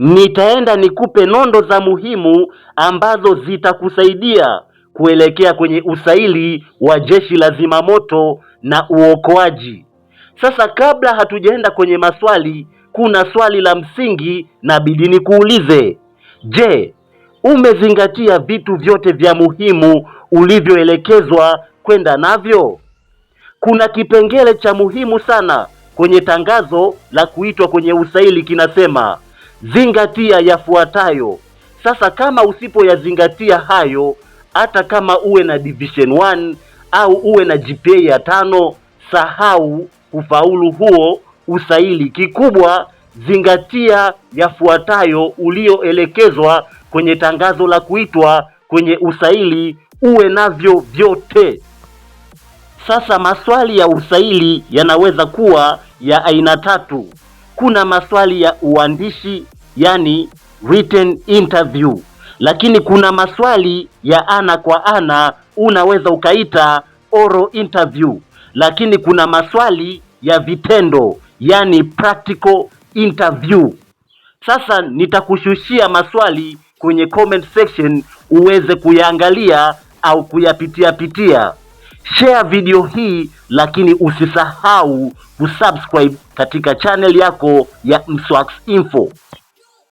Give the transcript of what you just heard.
nitaenda nikupe nondo za muhimu ambazo zitakusaidia kuelekea kwenye usaili wa jeshi la zimamoto na uokoaji. Sasa, kabla hatujaenda kwenye maswali, kuna swali la msingi na bidi nikuulize. Je, umezingatia vitu vyote vya muhimu ulivyoelekezwa kwenda navyo? Kuna kipengele cha muhimu sana kwenye tangazo la kuitwa kwenye usaili kinasema zingatia yafuatayo. Sasa kama usipoyazingatia hayo, hata kama uwe na division 1 au uwe na GPA ya tano, sahau ufaulu huo usaili. Kikubwa zingatia yafuatayo ulioelekezwa kwenye tangazo la kuitwa kwenye usaili, uwe navyo vyote. Sasa maswali ya usaili yanaweza kuwa ya aina tatu kuna maswali ya uandishi, yani written interview, lakini kuna maswali ya ana kwa ana, unaweza ukaita oral interview, lakini kuna maswali ya vitendo, yani practical interview. Sasa nitakushushia maswali kwenye comment section uweze kuyaangalia au kuyapitia pitia share video hii, lakini usisahau kusubscribe katika channel yako ya Mswax Info.